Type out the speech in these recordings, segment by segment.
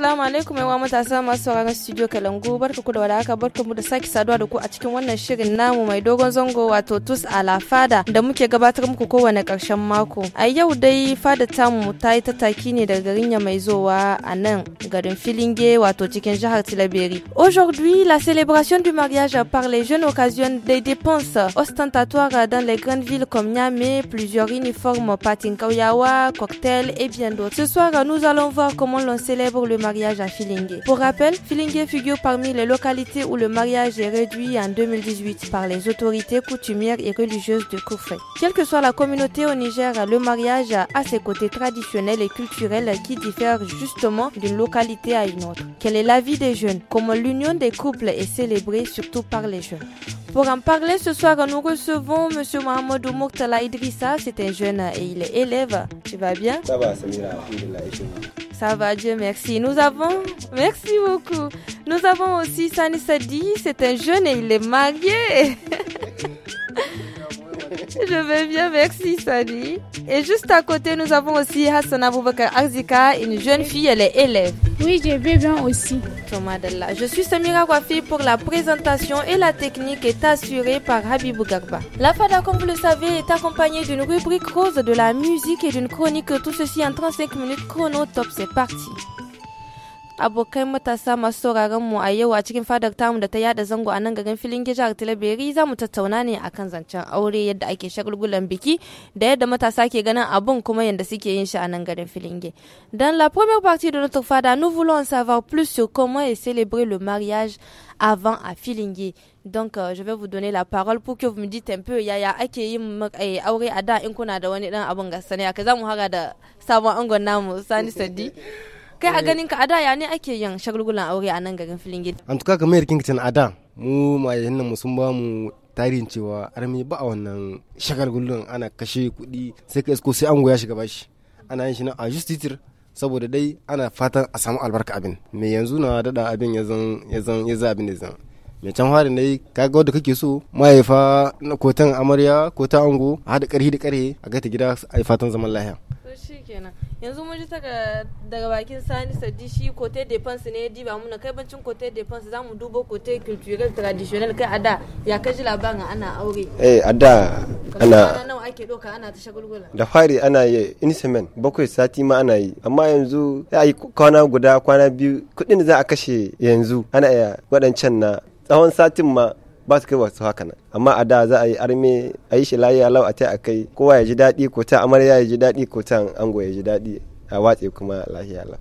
Assalamu alaikum yawa matasa masu sauraron studio Kalangu barka ku da warhaka barka mu da sake saduwa da ku a cikin wannan shirin namu mai dogon zango wato tus ala fada da muke gabatar muku kowane karshen mako. A yau dai fada tamu ta yi tattaki ne daga garin ya mai zowa a nan garin Filinge wato cikin jihar Tilaberi. Aujourd'hui la célébration du mariage par les jeunes occasionne des dépenses ostentatoires dans les grandes villes comme Niamey, plusieurs uniformes patin kauyawa, cocktail et bien d'autres. Ce soir nous allons voir comment l'on célèbre le mariage pour rappel, Filingue figure parmi les localités où le mariage est réduit en 2018 par les autorités coutumières et religieuses de Koufé. Quelle que soit la communauté au Niger, le mariage a ses côtés traditionnels et culturels qui diffèrent justement d'une localité à une autre. Quel est l'avis des jeunes Comment l'union des couples est célébrée surtout par les jeunes pour en parler ce soir, nous recevons M. Mohamedou Moktala Idrissa. C'est un jeune et il est élève. Tu vas bien Ça va, ça va, Dieu merci. Nous avons, merci beaucoup. Nous avons aussi Sani Sadi, c'est un jeune et il est marié. Je vais bien, merci Sadi. Et juste à côté, nous avons aussi Hassan Aboubakar Arzika, une jeune fille, elle est élève. Oui, je vais bien aussi. Je suis Samira Wafi pour la présentation et la technique est assurée par Habibou Garba. La FADA, comme vous le savez, est accompagnée d'une rubrique rose de la musique et d'une chronique. Tout ceci en 35 minutes chrono top, c'est parti. abokai matasa masu sauraron mu a yau a cikin fadar tamu da ta yada zango a nan garin filin a tilabiri za mu tattauna ne akan zancen aure yadda ake shagulgulan biki da yadda matasa ke ganin abun kuma yadda suke yin shi a nan garin filinge. Dans la première partie de notre fada, nous voulons savoir plus sur comment est célébré le mariage avant à filinge. Donc, euh, je vais vous donner la parole pour que vous me dites un peu yaya ake yin eh, aure a da in kuna da wani dan abun gasane aka zamu haga da sabon angon namu Sani Sadi. kai a eh. ganin ka a da ya ne ake yin shagulgulan aure a nan garin filin gida an tuka kamar yarkin kitan a da mu ma nan mu sun ba mu tarihin cewa armi ba a wannan shagulgulan ana kashe kuɗi sai ka isko sai an goya shiga bashi ana yin shi na a justitir saboda dai ana fatan a samu albarka abin me yanzu na dada abin ya zan ya zan ya zan abin da zan me can fari dai ga wanda kake so mahaifa na kotan amarya kotan ango a haɗa ƙarhi da ƙarhe a gaita gida a fatan zaman lahiya to shi kenan yanzu mun ji daga bakin sani sadi shi kote defense ne ya diba muna kai bancin kote defense zamu mu duba kote kiltural traditional kai ada ya kaji labarin ana aure eh ada ana nawa ake doka ana ta shagulgula da fari ana yi instrument bakwai sati ma ana yi amma yanzu ya yi kwana guda kwana biyu kudin za a kashe yanzu ana iya waɗancan na tsawon satin ma ba su kai su haka nan amma a da za a yi arme a yi shi layi alau a ta a kai kowa ya ji daɗi ko ta amarya ya ji daɗi ko ta ango ya ji daɗi a watse kuma lahiya lau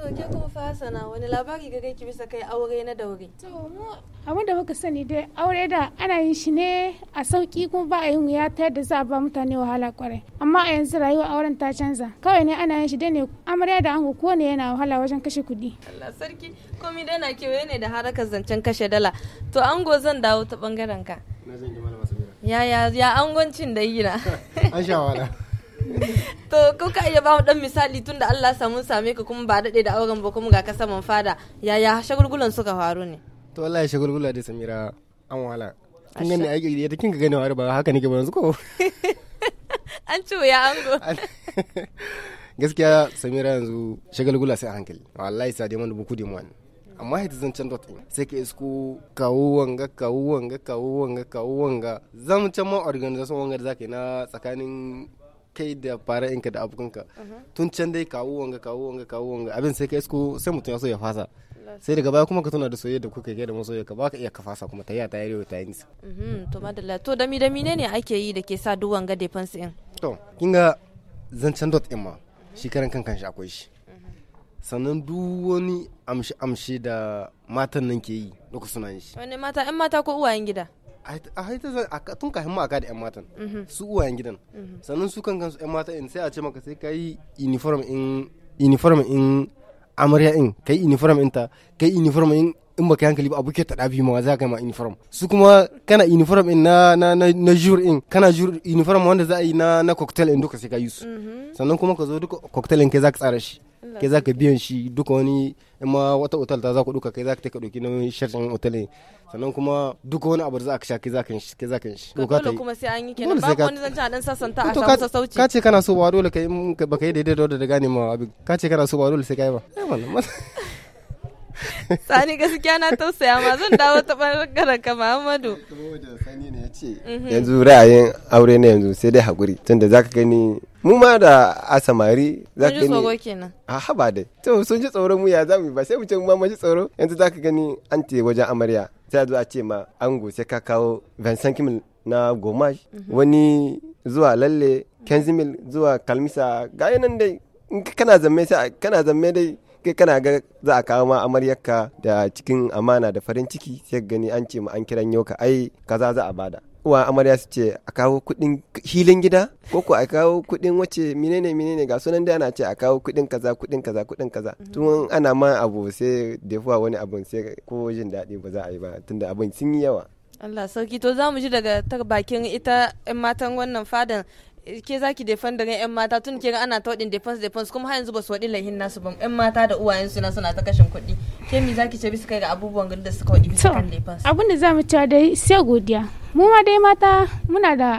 to ke kuma fasana wani labari ga ki bisa kai aure na daure to mu da muka sani dai aure da ana yin shi ne a sauki kuma ba a yin wuya ta yadda za a ba mutane wahala kwarai amma a yanzu rayuwa auren ta canza kawai ne ana yin shi dai ne amarya da ango ko ne yana wahala wajen kashe kuɗi Allah sarki komai dai na kewaye ne da harakar zancen kashe dala to ango zan dawo ta bangaren ka Na zan ya ya ya angoncin da yi na an sha wala to ko ka iya ba mu dan misali tunda Allah samu same ka kuma ba daɗe da auren ba kuma ga ka saman fada yaya shagulgulan suka faru ne to wallahi shagulgula da Samira an wala kin gani ai da kin gani wani ba haka nake ba yanzu ko an ci ya ango gaskiya Samira yanzu shagulgula sai a hankali wallahi sai dai mun buku da mun amma haiti zan can dot sai ka isku kawo wanga kawo wanga kawo wanga kawo wanga zan can ma organization wanga da zaka yi na tsakanin kai da fara ka da abokanka mhm. tun can dai kawo wanga kawo wanga kawo wanga abin sai ka isko sai mutum ya so ya fasa sai daga baya kuma ka tuna da soyayya da kuka ga da masoyayya ka baka iya ka fasa kuma ta yi ta yare ta yi nisa mhm, to madalla to dami dami ne ne ake yi da ke sa duk wanga defense in. to kin zan zancen dot in ma shi karan kankan shi akwai shi mhm. sannan duk wani amshi amshi da matan nan ke yi duka suna yin shi wani mata yan mata ko uwayen gida a haita a tun kafin ma a da yan matan mhm. su uwayen gidan mhm. sannan su kan kansu yan matan in sai a ce maka sai kai uniform in uniform in amarya in kai uniform in ta kai uniform in in baka hankali ba abu ke ta dafi ma za ka ma uniform su kuma kana uniform in na na na, na in kana jur uniform wanda za a yi na na cocktail in duka sai ka yi su mhm. sannan kuma ka zo duka cocktail in kai za ka tsara shi ke za ka biyan shi duka wani ma wata otal ta za ku duka kai za ka ɗauki nauyin sharshen otal ne sannan kuma duka wani abu da za ka sha kai za ka shi kai za ka shi ka kuma sai an yi kenan ba wani zance a dan sassanta a samu sassauci ka ce kana so ba dole kai ba kai daidai da da gane ma abin ka ce kana so ba dole sai kai ba eh sani gaskiya na tausaya ma zan dawo ta bangaren ka Muhammadu ce mhm. yanzu ra'ayin aure ne yanzu sai dai haƙuri tunda za ka gani mu ma da a samari za ka gani a haba dai to sun ji tsoro mu ya zamu ba sai mu ce mu ma ji tsoro yanzu za ka gani an te wajen amarya sai zo a ce ma ango sai ka kawo vincent kimil na gomaj mhm. wani zuwa lalle kenzimil zuwa kalmisa ga nan dai kana zamme sai kana zamme dai kai kana ga za a kawo ma amaryarka da cikin amana da farin ciki sai gani an ce ma an kiran yau ka ai kaza za a bada uwa amarya su ce a kawo kudin hilin gida ko ko a kawo kudin wace menene menene ga sunan da ana ce a kawo kudin kaza kudin kaza kudin kaza mm-hmm. tun ana ma abu sai defuwa wani abun sai ko jin daɗi ba za a yi ba tunda abun sun yi yawa Allah sauki to za mu ji daga ta bakin ita 'yan matan wannan fadan ke zaki defan da yan mata tun ke ana ta wadin defense defense kuma har yanzu ba su wadin lahin nasu ba yan mata da uwayen su na suna ta kashin kuɗi ke mi zaki ce bisa kai ga abubuwan gari da suka wadi bisa kan defense abin da zamu cewa dai sai godiya mu ma dai mata muna da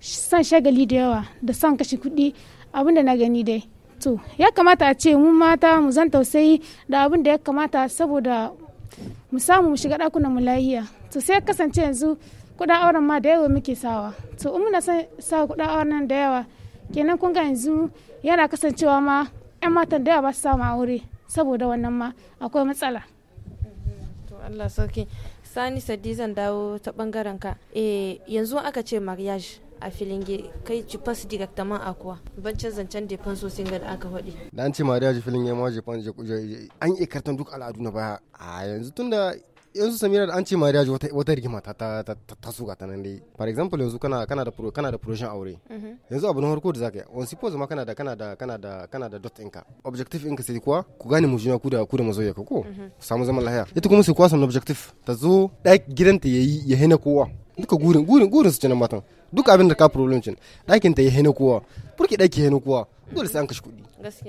san shagali da yawa da son kashe kuɗi abin da na gani dai to ya kamata a ce mu mata mu zan tausayi da abin da ya kamata saboda mu samu mu shiga ɗakunan mu lahiya to sai kasance yanzu kuɗin auren ma da yawa muke sawa to in muna son sa kuɗin auren nan da yawa kenan kun ga yanzu yana kasancewa ma 'yan matan da yawa ba su samu aure saboda wannan ma akwai matsala to Allah sauki sani sadi zan dawo ta bangaren ka eh yanzu aka ce mariage a filin kai ci fas directement a kuwa bancin zancen da fan sosin ga aka faɗi da an ce mariage filin ya ma je an yi karton duk al'adu na baya a yanzu tunda yanzu samira da an ce mariya wata wata rigima ta ta ta nan dai for example yanzu kana da kana da projection aure mhm. yanzu abu na farko da zaka yi on suppose ma kana da kana da kana da kana da dot inka objective inka sai kuwa ku gane mu juna ku da ku da mazoya ka ko mhm. ku samu zaman lahiya ita kuma sai kuwa samu objective ta zo ɗaki gidanta yayi ya hina kowa duka gurin gurin gurin su cinan matan duka abin da ka problem cin dakin ta ya hina kowa burki daki ya hina kowa dole sai an kashi kuɗi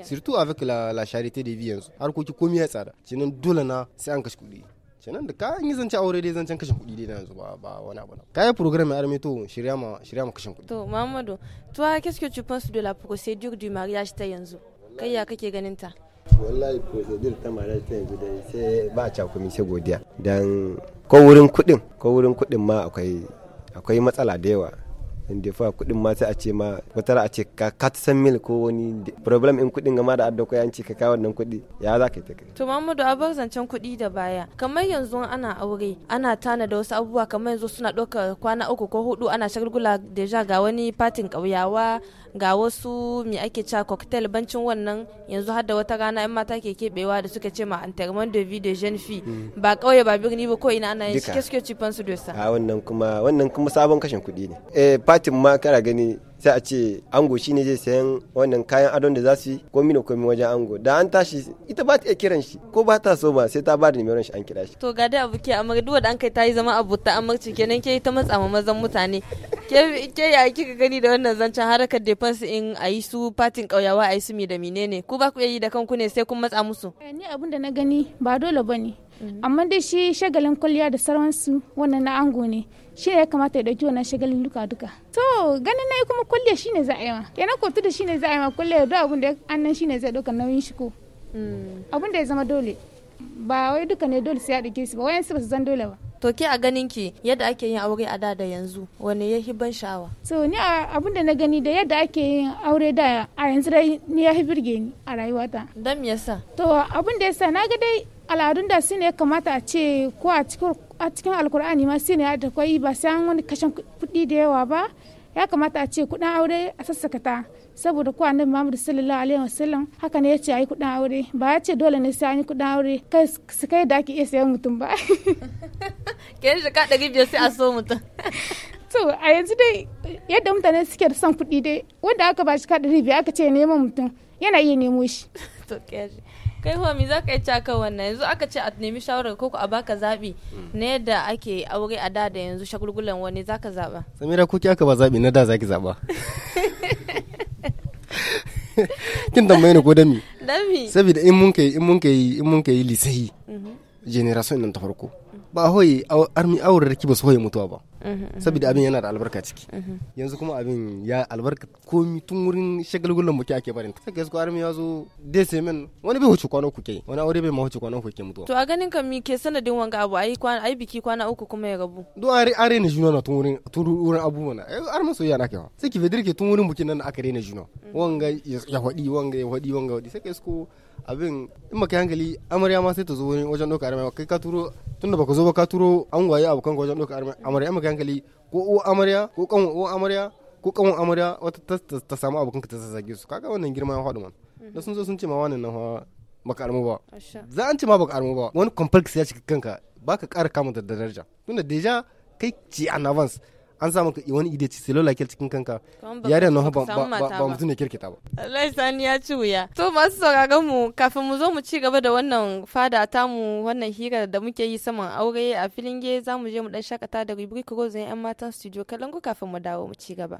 surtout avec la la charité de vie yanzu harkoki komai ya tsada cinan dole na sai an kashi kuɗi kenan da ka yi zance aure dai zancen kashin kuɗi dai na yanzu ba ba wani abu ka yi program ya arme to shirya ma shirya ma kashin kuɗi to mamadu to a ce que tu penses de la procédure du mariage ta yanzu kai ya kake ganin ta wallahi procedure ta mariage ta yanzu dai sai ba a mi sai godiya dan ko wurin kuɗin ko wurin kuɗin ma akwai akwai matsala da yawa da fa kuɗin ma sai a ce ma wata a ce ka katsan mil ko wani problem in kuɗin gama da adda ko yanci ka kawo wannan kuɗi ya za ka yi ta kai. to mamudu a bar zancen kuɗi da baya kamar yanzu ana aure ana tana da wasu abubuwa kamar yanzu suna ɗaukar kwana uku ko hudu ana shagulgula deja ga wani fatin ƙauyawa ga wasu mi ake cewa cocktail bancin wannan yanzu har da wata rana yan mata ke kebewa da suka ce ma entertainment de vie de jeune fille mm. ba kauye ba birni ba ko ina ana yin shi ke suke cifan su dosa a wannan kuma wannan kuma sabon kashin kuɗi ne eh fatin ma kana gani sai a ce ango shine zai sayan wannan kayan adon da za su yi mino da min wajen ango da an tashi ita ba ta iya kiran shi ko ba ta so ba sai ta ba da nimeron shi an kira shi to ga da abu ke amar duwa da an kai ta yi zama abota amarci kenan ke ta matsa ma mazan mutane ke ke ya kika gani da wannan zancen harakar defense in a yi su fatin kauyawa a yi su mi da menene ku ba ku iya yi da kanku ne sai kun matsa musu eh, ni abin da na gani ba dole bane amma dai shi shagalin kwalliya da sauransu wannan na ango ne shi ya kamata ya ɗauki wannan shagalin duka duka to ganin yi kuma kulle ne za a yi ma kenan ko da ne za a yi ma kulle da abun da annan ne zai ɗauka nauyin shi ko hmm. abin da ya zama dole ba wai duka ne dole sai ya ɗauke su ba wayansu ba su zan dole ba to ke a ganin ki yadda ake yin aure a da da yanzu wani ya ban sha'awa so ni abin da na gani da yadda ake yin aure da a yanzu dai ni ya birge ni a rayuwata dan me yasa to abin da yasa na ga dai al'adun da su ne kamata a ce ko a cikin a cikin alkur'ani ma sai ne da kwai ba sai an wani kashen kuɗi da yawa ba ya kamata a ce kuɗin aure a sassaka ta saboda ko annabi Muhammad sallallahu alaihi wasallam haka ne yace ayi kuɗin aure ba ya ce dole ne sai an yi kuɗin aure kai su kai da ake iya sayan mutum ba ke shi ka ɗari biyar sai a so mutum to a yanzu dai yadda mutane suke da son kuɗi dai wanda aka ba shi ka ɗari biyar aka ce neman mutum yana iya nemo shi to ke kai kuma me za ka yi caka wannan yanzu aka ce a nemi shawarar ko a baka zaɓi mm. na yadda ake aure a da da yanzu shagulgulan wani za ka zaɓa. samira ko ki aka ba zaɓi na da za ki zaɓa. kin tambaye ni ko dami. dami. Sabida in mun kai in mun kai in mun kai mhm. generation nan ta farko. ba hoye armi aurarki ba su hoye mutuwa ba mhm, mhm. saboda abin yana da albarka ciki mhm. yanzu kuma abin ya albarka komi tun wurin shagalgullon muke ake barin ta gaskiya armi ya zo dai min wani bai huce kwana kuke wani aure bai ma huce kwana kuke mutuwa to a ganin ka mi ke sanadin wanga abu ai kwana ai biki kwana uku kuma ya rabu do are are ne juna na tun wurin tun wurin abubuwa na eh, armi soyayya na kewa sai ki fedirke tun wurin bukin nan aka rena juna wanga ya hodi wanga ya hodi wanga hodi sai ka isko abin in maka hankali amarya ma sai ta zo wajen ɗauka armai kai ka turo da baka zo ba ka turo an waye abokan wajen ɗauka amarya in baka hankali ko uwa amarya ko kanwa uwa amarya ko kanwa amarya wata ta samu abokan ka ta zage su kaga wannan girma ya faɗi man mhm. da sun zo sun ce ma wannan nan baka armu ba za an ce ma baka armu ba wani complex ya cika kanka baka ƙara kama da daraja tunda deja kai ci an avance an samu wani ide ci selo ke cikin kanka ya da ba ba mutum ne kirkita ba Allah sani ya ci wuya to masu sauraron mu kafin mu zo mu ci gaba da wannan fada ta mu wannan hira da muke yi saman aure a filinge zamu je mu dan shakata da rubric rozan yan matan studio kalangu kafin mu dawo mu ci gaba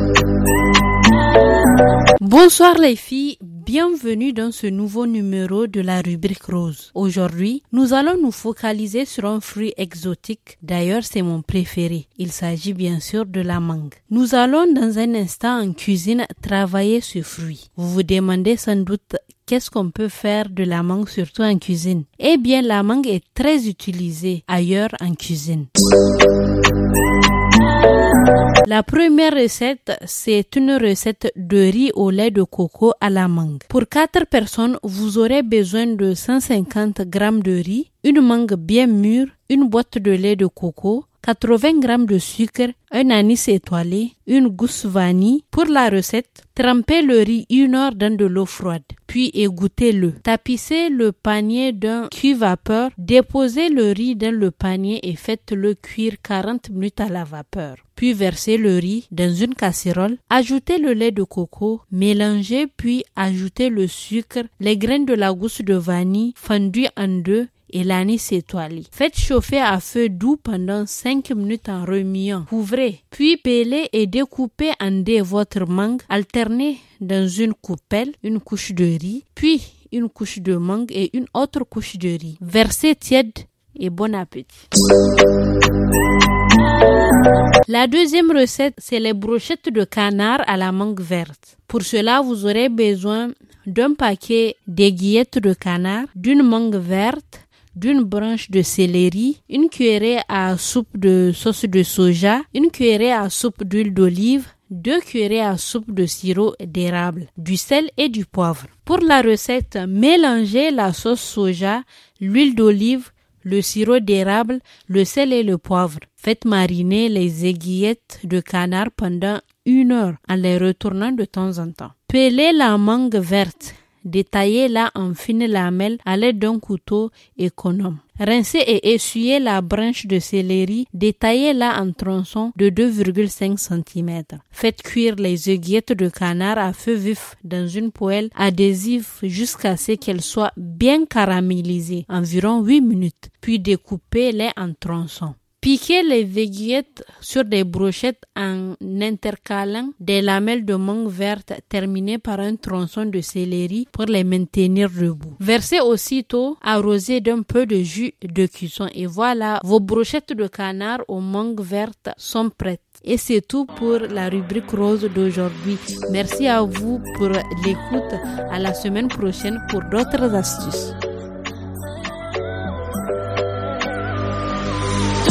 Bonsoir les filles, bienvenue dans ce nouveau numéro de la rubrique rose. Aujourd'hui, nous allons nous focaliser sur un fruit exotique, d'ailleurs c'est mon préféré. Il s'agit bien sûr de la mangue. Nous allons dans un instant en cuisine travailler ce fruit. Vous vous demandez sans doute qu'est-ce qu'on peut faire de la mangue, surtout en cuisine Eh bien, la mangue est très utilisée ailleurs en cuisine. La première recette, c'est une recette de riz au lait de coco à la mangue. Pour 4 personnes, vous aurez besoin de 150 g de riz, une mangue bien mûre, une boîte de lait de coco, 80 g de sucre, un anis étoilé, une gousse vanille. Pour la recette, trempez le riz une heure dans de l'eau froide, puis égouttez-le. Tapissez le panier d'un cuve vapeur, déposez le riz dans le panier et faites-le cuire 40 minutes à la vapeur. Puis versez le riz dans une casserole, ajoutez le lait de coco, mélangez puis ajoutez le sucre, les graines de la gousse de vanille fendues en deux et l'anis étoilé. Faites chauffer à feu doux pendant 5 minutes en remuant. Couvrez, puis pelez et découpez en dés votre mangue. Alternez dans une coupelle une couche de riz, puis une couche de mangue et une autre couche de riz. Versez tiède et bon appétit. La deuxième recette, c'est les brochettes de canard à la mangue verte. Pour cela, vous aurez besoin d'un paquet d'aiguillettes de canard, d'une mangue verte, d'une branche de céleri, une cuillerée à soupe de sauce de soja, une cuillerée à soupe d'huile d'olive, deux cuillerées à soupe de sirop d'érable, du sel et du poivre. Pour la recette, mélangez la sauce soja, l'huile d'olive, le sirop d'érable, le sel et le poivre. Faites mariner les aiguillettes de canard pendant une heure en les retournant de temps en temps. Pelez la mangue verte détaillez la en fines lamelles à l'aide d'un couteau économe. Rincez et essuyez la branche de céleri, détaillez-la en tronçons de 2,5 cm. Faites cuire les œillettes de canard à feu vif dans une poêle adhésive jusqu'à ce qu'elles soient bien caramélisées, environ 8 minutes, puis découpez-les en tronçons. Piquez les veillettes sur des brochettes en intercalant des lamelles de mangue verte terminées par un tronçon de céleri pour les maintenir debout. Versez aussitôt, arrosez d'un peu de jus de cuisson et voilà, vos brochettes de canard aux mangues vertes sont prêtes. Et c'est tout pour la rubrique rose d'aujourd'hui. Merci à vous pour l'écoute. À la semaine prochaine pour d'autres astuces.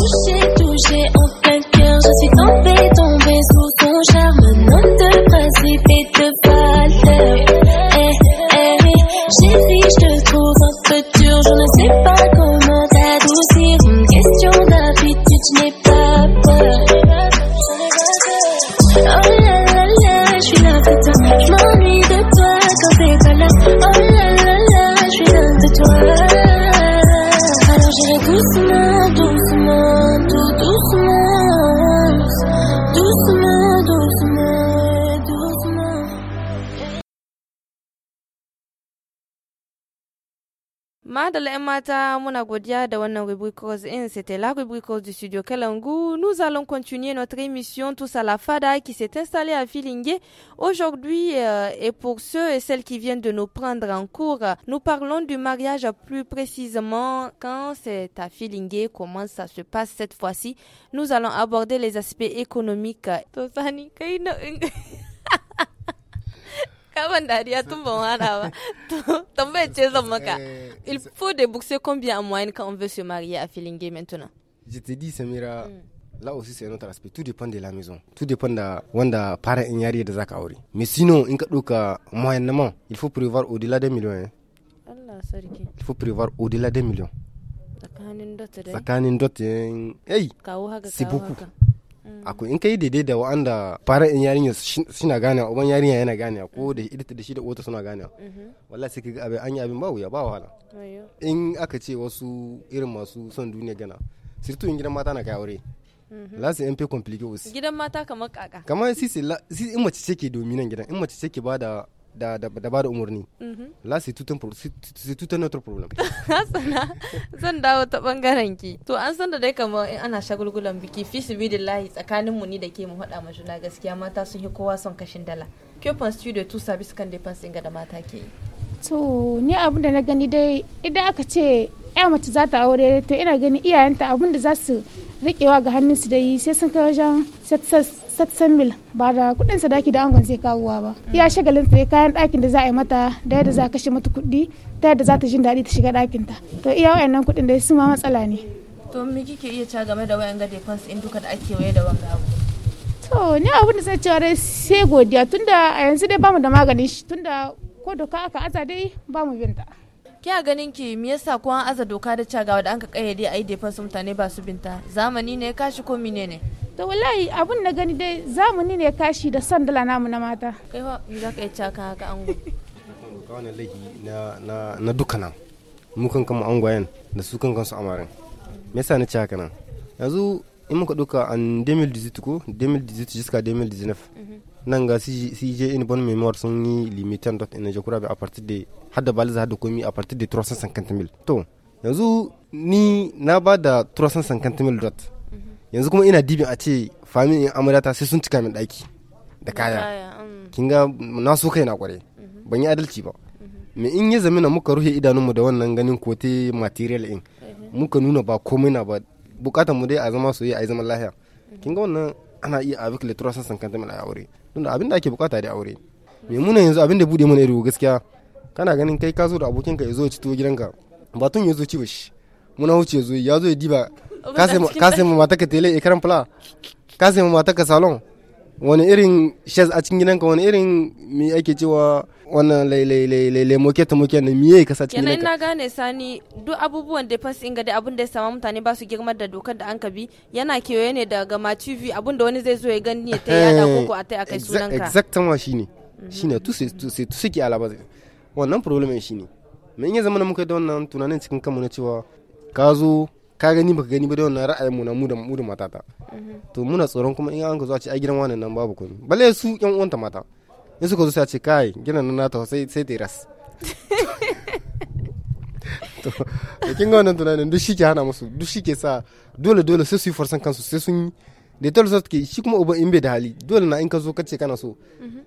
touché, touché en plein cœur. Je suis tombée, tombée sous ton charme. Non de principe et de valeur. Eh, eh, eh, j'ai dit, je te trouve un peu dur. Je ne sais pas. c'était la rubrique rose du studio Kalangu. Nous allons continuer notre émission Tous à la Fada qui s'est installée à Filingue aujourd'hui. Euh, et pour ceux et celles qui viennent de nous prendre en cours, nous parlons du mariage plus précisément quand c'est à Filingue, comment ça se passe cette fois-ci. Nous allons aborder les aspects économiques. Eh, il faut débourser combien en moyenne quand on veut se marier à Filingue maintenant Je t'ai dit, Samira, hmm. là aussi c'est un autre aspect. Tout dépend de la maison. Tout dépend de wanda para et da de Zakauri. Mais sinon, en moyennement, il faut prévoir au-delà des millions. Hein. Allah Il faut prévoir au-delà des millions. dot Hey, c'est beaucoup. Ako in kai daidai da wanda fara in yarinya suna ganewa uban yarinya yana ganewa ko da ita da shi da uwata suna ganewa mhm. wallahi sai kaga abin an yi abin ba wuya ba wahala in aka ce wasu irin masu son duniya gana sirtu in gidan mata na kai aure la mhm. sai in peu compliqué gidan mata kamar kaka kamar si si in mace ce ke dominan gidan in mace ce ke bada da, da, ba da umarni. Mhm. La c'est tout un zan dawo ta bangaren ki. To an san da dai kamar in ana shagulgulan biki fi su lahi tsakanin mu ni da ke mu faɗa ma juna gaskiya mata sun yi kowa son kashin dala. Que fan studio de tout ça bisa ga da mata ke? To ni abin da na gani dai idan aka ce ya mace za ta aure to ina gani iyayenta abun da za su riƙewa ga hannunsu dai sai sun kai wajen setsas satsan mil ba da kuɗin sadaki da angon zai kawowa ba ya shagalin sai kayan ɗakin da za a yi mata da yadda za a kashe mata kuɗi ta yadda za ta jin daɗi ta shiga dakin ta to iya wayannan kuɗin da su ma matsala ne to me kike iya ta game da wayan gade fans in duka da ake waye da wanga to ni abin da sai cewa dai sai godiya tunda a yanzu dai bamu da maganin shi tunda ko doka aka aza dai bamu binta kiya ganin ki me yasa ko an aza doka da cagawa da an ka kayyade a yi defansu mutane ba su binta zamani ne kashi ko mine ne to wallahi abun na gani dai zamuni ne kashi da sandala namu na mata kai wa za ka yi caka haka ango ka wani laifi na dukkanan mu kan an gwayan da su kan kansu amarin me yasa na ci haka nan yanzu in muka duka an 2018 ko 2018 jiska 2019 nan ga CJ in bon memoir sun yi limitan dot in je bi a partir de hadda baliza da komi a partir de 350 mil to yanzu ni na ba da 350 mil dot yanzu kuma ina dibin a ce famin in amurata sai sun cika min ɗaki da kaya mm. kin ga na so kai na kware mhm. ban yi adalci ba mhm. me in ya zamina muka rufe idanunmu da wannan ganin kote material in mhm. muka nuna ba komai na ba bukatar mu dai a zama soyayya a zaman lahiya kin ga wannan ana iya abin littura sassan kanta a aure tunda abin da ake bukata da aure me muna yanzu abin da bude mana ido gaskiya kana ganin kai ka zo da abokinka ya zo ya ci tuwo gidanka ba tun ya zo ci ba shi muna wuce zo ya zo ya diba ka sai mu mata ka tele ekran fula ka mu mata ka salon wani irin shez a cikin gidanka wani irin mi ake cewa wannan lailailailai moke ta moke ne miye ka sa cikin gidanka yana gane sani duk abubuwan da fas inga da abin da ya sama mutane ba su girmar da dokar da an bi yana kewaye ne daga ma tv abin da wani zai zo ya gani ya ta yada eh, koko a ta akai sunanka exactement shine mhm. shine tu sai tu sai tu sai ki alaba wannan problem shine me in ya zama muka da wannan tunanin cikin kanmu na cewa ka zo ka gani baka gani ba da wannan ra'ayin mu na mu da mu da matata mhm. to muna tsoron kuma in an ka zo a ce a gidan wannan nan babu komai balle su yan uwanta mata in suka zo sai a ce kai gidan nan nata sai sai ras to kin ga wannan tunanin duk shi ke hana musu duk shi ke sa dole dole sai su yi farsan kansu sai sun da ta lusar ke shi kuma uba in bai da hali dole na in ka zo kace kana so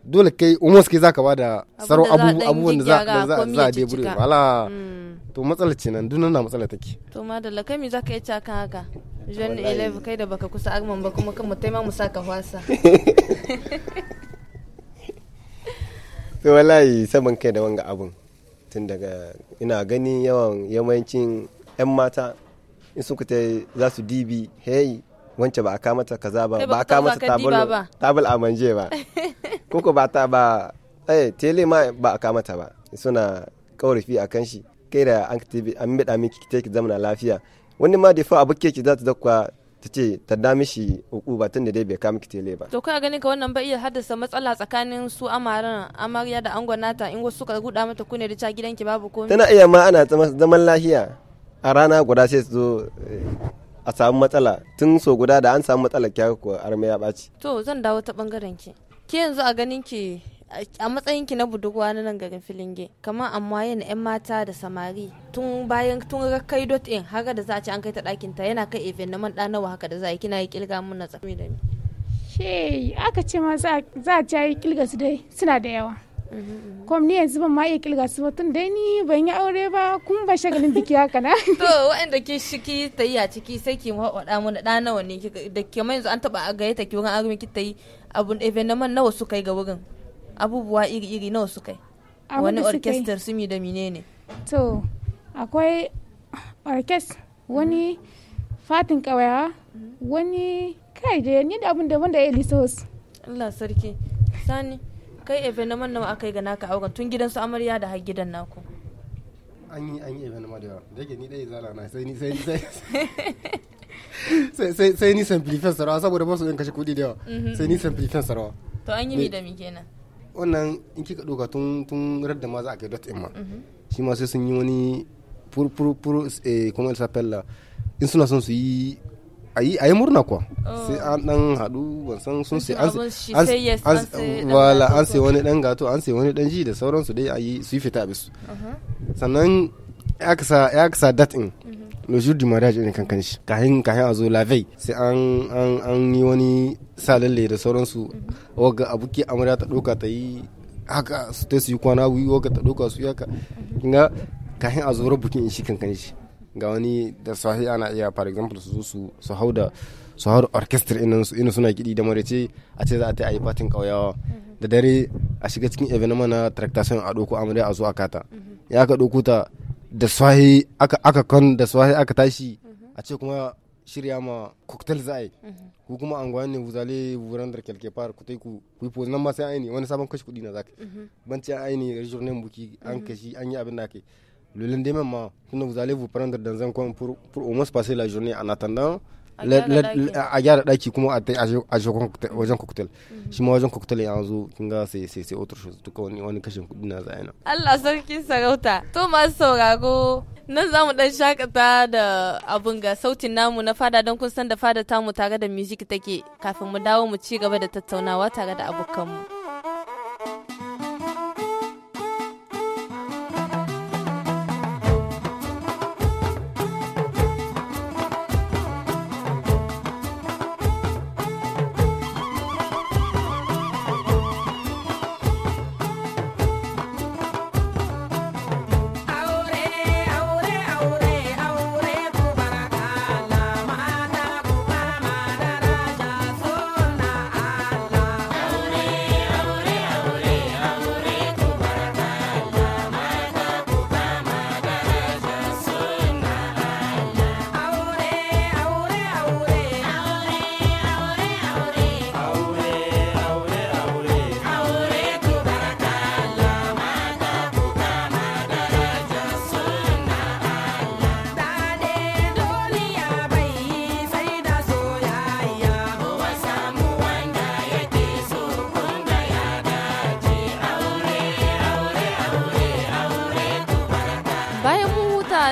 dole kai almost kai zaka bada saro abubuwan da za a dai buri wala hmm. to matsala ce nan dunan na matsala take to ma da kai me zaka yi ta kan haka jeune élève kai da baka kusa agman ba kuma kan mutai ma mu saka wasa to wallahi saban kai da wanga abun tun daga ina gani yawan yamancin yan mata in suka ta za su dibi hey wance ba a kama ta kaza ba ba a kama ta tabul a manje ba koko ba ta ba eh tele ma ba a kama ta ba suna kawarfi a kan shi kai da an an bida miki kike ki zamana lafiya wani ma da fa abu ke ki za ta dakwa ta ce ta da mishi uku ba tun da dai bai kama ki tele ba to kai ganin ka wannan ba iya haddasa matsala tsakanin su amaran amarya da angon ta in wasu suka guda mata kune da ta gidanki babu komai tana iya ma ana zaman lafiya a rana guda sai su zo eh, a samu matsala tun so guda da an samu matsala kya ko arme ya ɓaci. to zan dawo ta bangaren ki ki yanzu a ganin ki a matsayin ki na budurwa na nan garin filinge kamar amma yana yan mata da samari tun bayan tun ga kai dot in haka da za a ci an kai ta ɗakin ta yana kai na ɗa nawa haka da za a yi kina yi kilga mun na tsami da mi. she aka ce ma za a ci yi kilga su dai suna da yawa. Mm-hmm. kom ni yanzu ban ma iya kilga su tun dai ni ban yi aure ba kun ba shagalin biki haka na to waɗanda ke shiki ta yi a ciki sai ki waɗa mana ɗa nawa ne da ke mai yanzu an taɓa a gaya ta ki wani armi ki ta yi abun evenement nawa su kai ga wurin abubuwa iri-iri nawa su kai wani orkestar su mi da mine ne to akwai orkest wani mm-hmm. fatin ƙawayawa mm-hmm. wani kai da ni da abun da wanda ya lisa wasu Allah sarki sani kai evenement nawa aka yi ga naka auren tun gidan su amarya da har gidan naku an yi an yi evenement da yawa da yake ni dai zala na sai ni sai sai sai sai ni simplifin sarawa saboda ba su yin kashe kudi da yawa mhm. sai ni simplifin sarawa to an yi mi da mi kenan wannan in kika ɗoka tun tun radda ma za a kai dot in ma mhm. shi ma sai sun yi wani pur pur pur eh comment ça s'appelle in suna son su yi ayi ayi murna kuwa oh. sai an dan hadu ban san sun sai an an wala an sai wani dan gato an sai wani dan ji da sauransu dai ayi su fita bisu uh-huh. sannan ya kasa ya kasa dat in mm-hmm. le jour du mariage ne kankan shi kahin kahin a zo la veille sai an an an yi wani salalle lalle da sauransu mm-hmm. waga abuki amarya ta doka ta yi haka su ta su yi kwana wuyi waga ta doka su haka. Mm-hmm. kinga kahin a zo rubutun shi kankan shi ga wani da sahi ana iya for example su su su hau da su hau orchestra ina suna kiɗi da marece a ce za a ta yi fatin ƙauyawa da dare a shiga cikin evenema na tractation a doko amarya a zo a kata ya ka doko ta da sahi aka aka kan da sahi aka tashi a ce kuma shirya ma cocktail za a yi ku kuma an ne wuzale wuran da kelke far ku tai ku ku po nan ma sai aini wani sabon kashi kudi na zaka banci aini rajurnin buki an kashi an yi abin da ake le lundi même, hein. vous allez vous prendre dans un coin pour, au moins passer la journée en attendant cocktail mhm. hein. Allah sarki sarauta to masu nan zamu dan shakata euh, da abun ga sautin namu na fada kun san da fada tamu tare da music take kafin mu dawo mu ci gaba da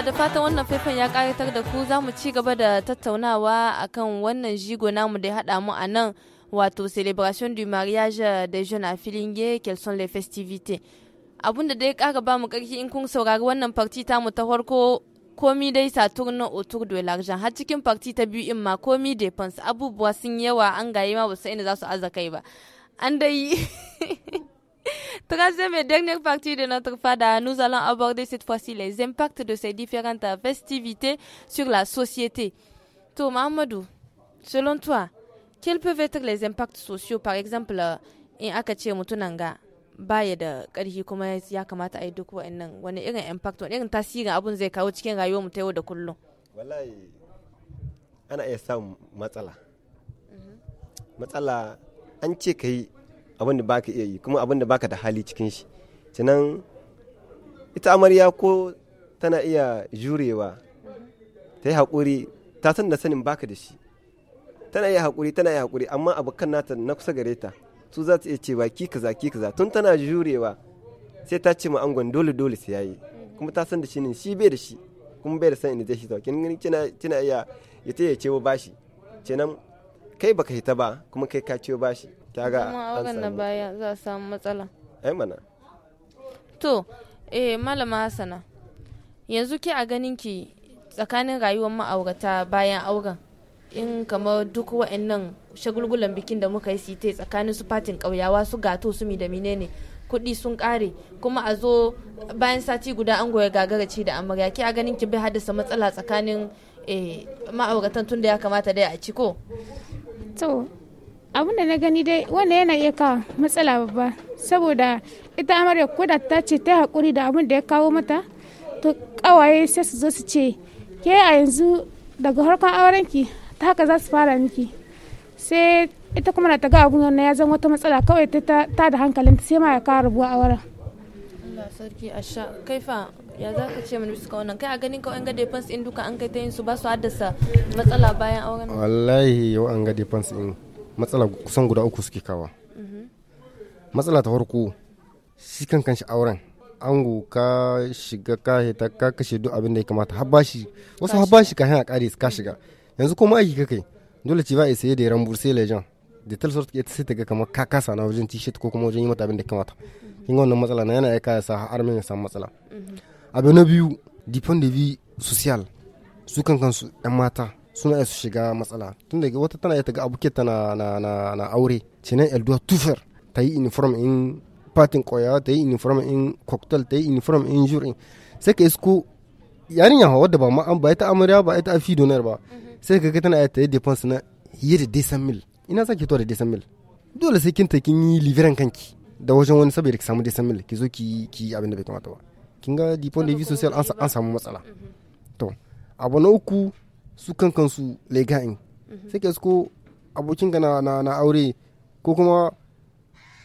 da fatan wannan faifan ya karatar da ku za mu ci gaba da tattaunawa akan wannan jigo namu da ya haɗa mu a nan wato celebration du mariage de jeunes a filinge quelles sont les festivités abun da dai kara ba mu karfi in kun saurari wannan parti tamu ta farko komi dai saturno autour de l'argent har cikin parti ta biyu in ma komi dépense abubuwa sun yawa an gaye ma ba su inda za su aza kai ba an dai Troisième et dernière partie de notre FADA, nous allons aborder cette fois-ci les impacts de ces différentes festivités sur la société. Thomas Amadou, selon toi, quels peuvent être les impacts sociaux, par exemple, euh, in aka mutunanga baya da ƙarfi kuma ya kamata a yi duk wa'annan wani irin impact wani irin tasirin abun zai kawo cikin rayuwar mu ta yau da kullum wallahi ana iya samun matsala mhm. matsala an ce ka yi abin da baka iya yi kuma abin da baka da hali cikin shi sannan ita amarya ko tana iya jurewa ta yi haƙuri ta san da sanin baka da shi tana iya haƙuri tana iya haƙuri amma abokan nata na kusa gare ta su za ta iya cewa ki kaza ki kaza tun tana jurewa sai ta ce ma angon dole dole sai yayi kuma ta san da shi ne shi bai da shi kuma bai da san inda zai shi kin kina kina iya ya ce ya ce bashi kenan kai baka hita ba kuma kai ka ciwo bashi kaga an samu baya za a samu matsala ai mana to eh malama hasana yanzu ki a ganin ki tsakanin rayuwar ma'aurata bayan auren in kamar duk wa'annan shagulgulan bikin da muka yi ta tsakanin su fatin ƙauyawa su gato su mi da menene kuɗi sun ƙare kuma a zo bayan sati guda an goya gagaraci da amarya ki a ganin ki bai haddasa matsala tsakanin eh, ma'auratan tun da ya kamata dai a ciko to abin da na gani dai wanda yana iya kawo matsala babba saboda ita amarya ko da ta ce ta haƙuri da abin da ya kawo mata to kawaye sai su zo su ce ke a yanzu daga harkar aurenki ta haka za su fara miki sai ita kuma na ta ga abin wannan ya zama wata matsala kawai ta ta da hankalin sai ma ya kawo rabuwa auren Allah sarki asha kai fa ya za ka ce mana bisa wannan kai a ganin kawai an ga defense in duka an kai ta yin su ba su haddasa matsala bayan auren wallahi yau an ga defense in matsala kusan guda uku suke kawa matsala ta farko shi kankan shi auren ango ka shiga ka hita ka kashe duk abin da ya kamata har bashi wasu har bashi ka hana kare ka shiga yanzu kuma aiki ka kai dole ci ba a saye da ran ya lejan da tal sort ita sai ta ga kamar ka kasa na wajen t-shirt ko kuma wajen yi mata abin da ya kamata kin ga wannan matsala na yana ya kaya sa har ya samu matsala abu na biyu depend de vie social su kankan su yan mata suna iya su shiga matsala da wata tana iya ta ga abuke tana na na na aure cinan elduwa tufer ta yi uniform in patin koyawa ta yi uniform in cocktail ta yi uniform in jure sai ka isko yarinya hawa da ba ma an ba ita amarya ba ita afi donar ba mhm. sai ka ga tana ya ta yi defense na yi da desan mil ina sake to da desan mil dole sai kin ta kin yi liveran kanki da wajen wani saboda ki samu desan mil ki zo ki yi abin da bai kamata ba kin ga dipon da social an samu matsala mhm. to abu na uku su kan kansu lega'in sai ka ko abokin ka na aure ko kuma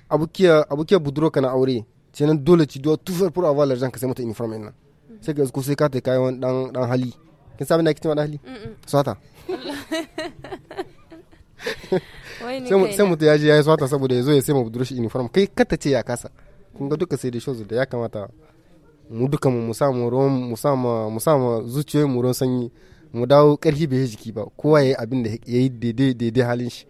abokiyar buduro ka na aure nan dole ci duwa tufar fura pour avoir ka sai mata uniform ɗin nan sai ka ko sai ka ta kayan wani dan hali kin sabin da kitin dan hali swata sai mutu ya je ya yi swata saboda ya zo ya sai ma buduroshi shi uniform kai kata ce ya kasa kun ga duka sai da shozu da ya kamata mu duka mu samu ruwan mu samu zuciyoyin mu ruwan sanyi mu dawo karfi bai yi jiki ba kowa ya yi abin da ya yi daidai halin shi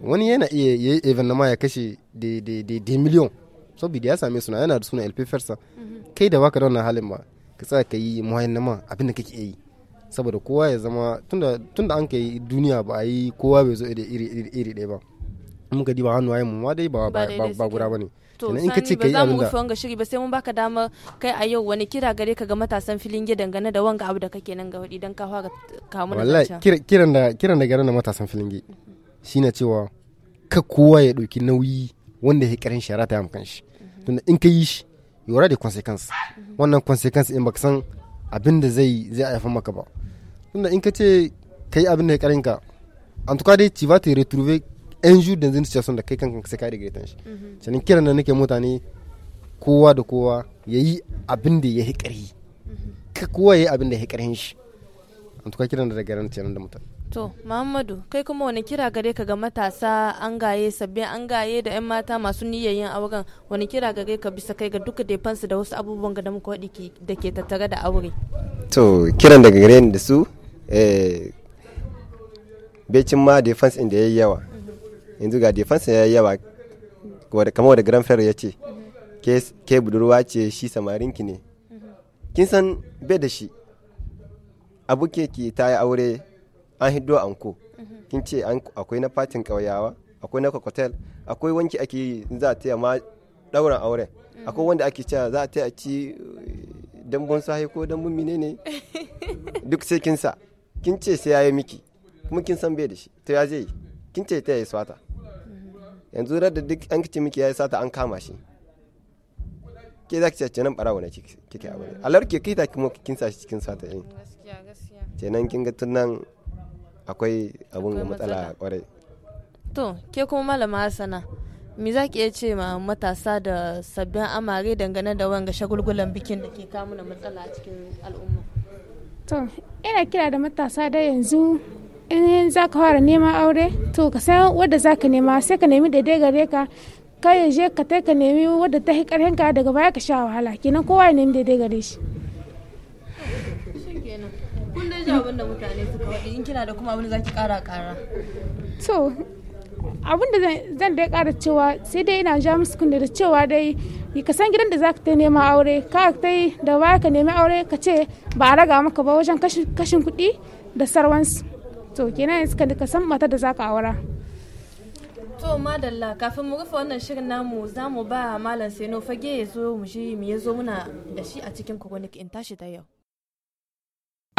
mhm. wani yana iya ya yi evenama ya kashe daidai miliyon saboda ya same suna yana da suna lp fersa mhm. kai da baka da wannan halin ba ka tsaya ka yi muhayyana abin da kake yi saboda kowa ya zama tunda an ka yi duniya ba a yi kowa bai zo iri iri ɗaya ba ba diba hannuwayen mu ma dai ba guda ba ne to sani ba za mu rufe wanga shiri ba sai mun baka dama kai a yau wani kira gare ka ga matasan filin gida dangane da wanga abu da kake nan ga hudi dan ka fara kamu da wallahi kiran da kiran da garin na matasan filin gida shine cewa ka kowa ya dauki nauyi wanda ya karin shara ta amkan shi tunda in ka yi shi yora da consequence wannan consequence in baka san abin da zai zai haifar maka ba tunda in ka ce kai abin da ya karin ka an tuka dai ci va te retrouver 'yan ju da situation da kai kankan sai ka riga shi mhm. sannan kiran da nake mutane kowa da kowa ya yi abin da ya yi mhm. Ka kowa ya yi abin da ya yi ƙarhin shi an tuka kiran da daga ran tiyanan da mutane to muhammadu kai kuma wani kira gare ka ga matasa an gaye sabbin an gaye da 'yan mata masu niyyar yin auren wani kira gare ka bisa kai ga duka defansu da wasu abubuwan ga da muka waɗi da ke tattare da aure to kiran daga gare ni da su eh, becin ma defense in da yi yawa yanzu ga defense ya yawa kamar wadda granfer ya ce ke budurwa ce shi samarinki ne kin san bai da shi abu ke ki ta yi aure an hiddo ko kin ce akwai na fatin ƙauyawa akwai na kwakwatel akwai wanki ake yi za ta ma dauran aure akwai wanda ake cewa za ta taya a ci eh, dambun sahi ko dambun mine ne duk sai kin sa kin ce sai ya yi miki kuma kin san bai da shi to ya zai yi kin ce ta yi sata yanzu da duk an kici miki ya yi sata an kama shi ke za ki ce nan barawo ne kike abu ne alar ke kita mu kin sa shi cikin sata eh? yin nan kin ga tun nan akwai abun ga matsala kwarai to ke kuma malama hasana me za ki iya ce ma matasa da sabbin amare dangane da wanga shagulgulan bikin da ke kamuna matsala a cikin al'umma to ina kira da matasa da yanzu in za ka fara nema aure to ka san wadda za ka nema sai ka nemi daidai gare ka ka yi je ka tai ka nemi wadda ta karhin ka daga baya ka sha wahala kenan kowa ya nemi daidai gare shi kun dai abin da mutane suka faɗi in kina da kuma abin da za ki ƙara ƙara to abin da zan dai ƙara cewa sai dai ina ja musu kunda da cewa dai ka san gidan da za ka ta nema aure ka ta da baya ka nemi aure ka ce ba a raga maka ba wajen kashin kuɗi da sarwansu to kenan yanzu ka san mata da zaka aura to madalla kafin mu rufe wannan shirin namu za mu ba malam seno fage ya zo mu shi mu ya zo muna da shi a cikin kogonik in tashi ta yau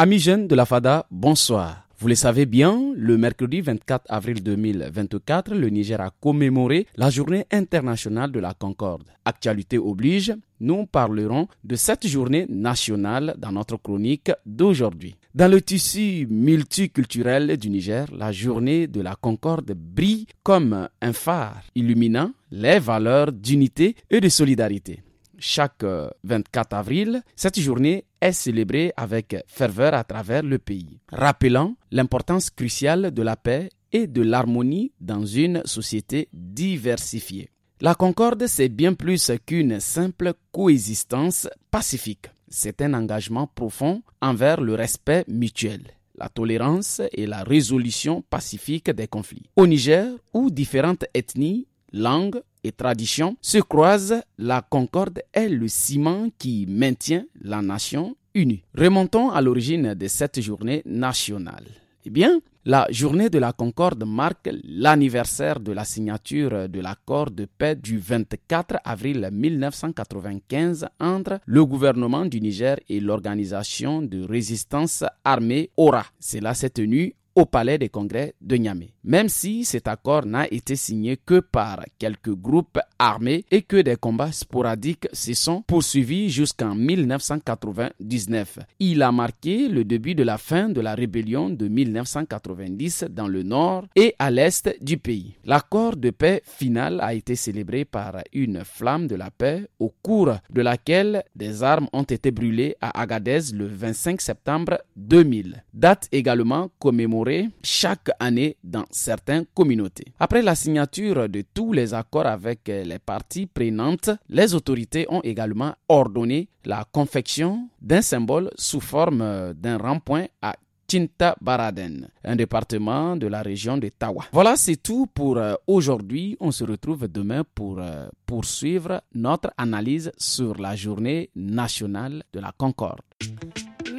amijan de la FADA, bonsoir. Vous le savez bien, le mercredi 24 avril 2024, le Niger a commémoré la journée internationale de la Concorde. Actualité oblige, nous parlerons de cette journée nationale dans notre chronique d'aujourd'hui. Dans le tissu multiculturel du Niger, la journée de la Concorde brille comme un phare illuminant les valeurs d'unité et de solidarité. Chaque 24 euh, avril, cette journée est célébrée avec ferveur à travers le pays, rappelant l'importance cruciale de la paix et de l'harmonie dans une société diversifiée. La concorde, c'est bien plus qu'une simple coexistence pacifique. C'est un engagement profond envers le respect mutuel, la tolérance et la résolution pacifique des conflits. Au Niger, où différentes ethnies, langues, et tradition se croisent, la concorde est le ciment qui maintient la nation unie. Remontons à l'origine de cette journée nationale. Eh bien, la journée de la Concorde marque l'anniversaire de la signature de l'accord de paix du 24 avril 1995 entre le gouvernement du Niger et l'organisation de résistance armée ORA. Cela s'est tenu au palais des congrès de Niamey. Même si cet accord n'a été signé que par quelques groupes armés et que des combats sporadiques se sont poursuivis jusqu'en 1999, il a marqué le début de la fin de la rébellion de 1990 dans le nord et à l'est du pays. L'accord de paix final a été célébré par une flamme de la paix au cours de laquelle des armes ont été brûlées à Agadez le 25 septembre 2000, date également commémorée chaque année dans certaines communautés. Après la signature de tous les accords avec les parties prenantes, les autorités ont également ordonné la confection d'un symbole sous forme d'un rond-point à Tinta Baraden, un département de la région de Tawa. Voilà, c'est tout pour euh, aujourd'hui. On se retrouve demain pour euh, poursuivre notre analyse sur la journée nationale de la Concorde.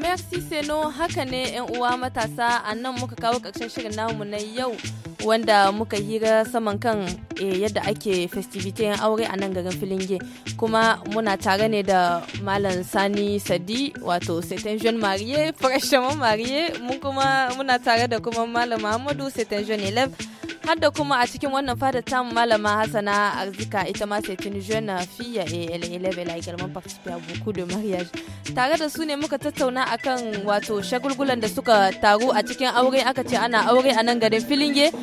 merci seno haka ne yan uwa matasa a nan muka kawo ƙarshen shirin namu na yau wanda muka hira saman kan e, yadda ake festivity aure a nan garin filinge kuma muna tare ne da malam sani sadi wato setenjon marie freshman marie mun kuma muna tare da kuma malam muhammadu setenjon 11 Hadda kuma a cikin wannan fadar tamu malama Hassana Arzika ita ma sai tuni jeune fiya a elle élève elle a également participé à Tare da su ne muka tattauna akan wato shagulgulan da suka taru a cikin aure aka ce ana aure a nan garin Filinge.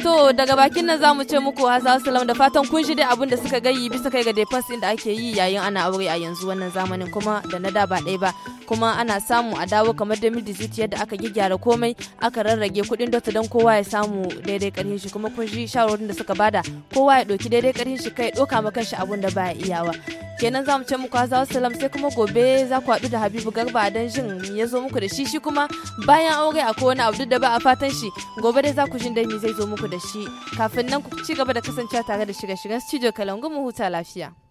To daga bakin nan zamu ce muku Hassan Salam da fatan kun shi dai abin da suka gayi bisa kai ga defense da ake yi yayin ana aure a yanzu wannan zamanin kuma da na da ba ɗaya ba. kuma ana samu a dawo kamar 2018 yadda aka gyara komai aka rarrage kuɗin dota don kowa ya samu daidai karhin shi kuma kun shi shawarorin da suka bada kowa ya ɗauki daidai karhin shi kai ɗoka ma kanshi abun da baya iyawa kenan za mu ce muku hazawa salam sai kuma gobe za ku haɗu da habibu garba don jin ya zo muku da shi shi kuma bayan aure a kowane abu da ba a fatan shi gobe dai za ku jin dami zai zo muku da shi kafin nan ku ci gaba da kasancewa tare da shirye-shiryen studio kalangu mu huta lafiya.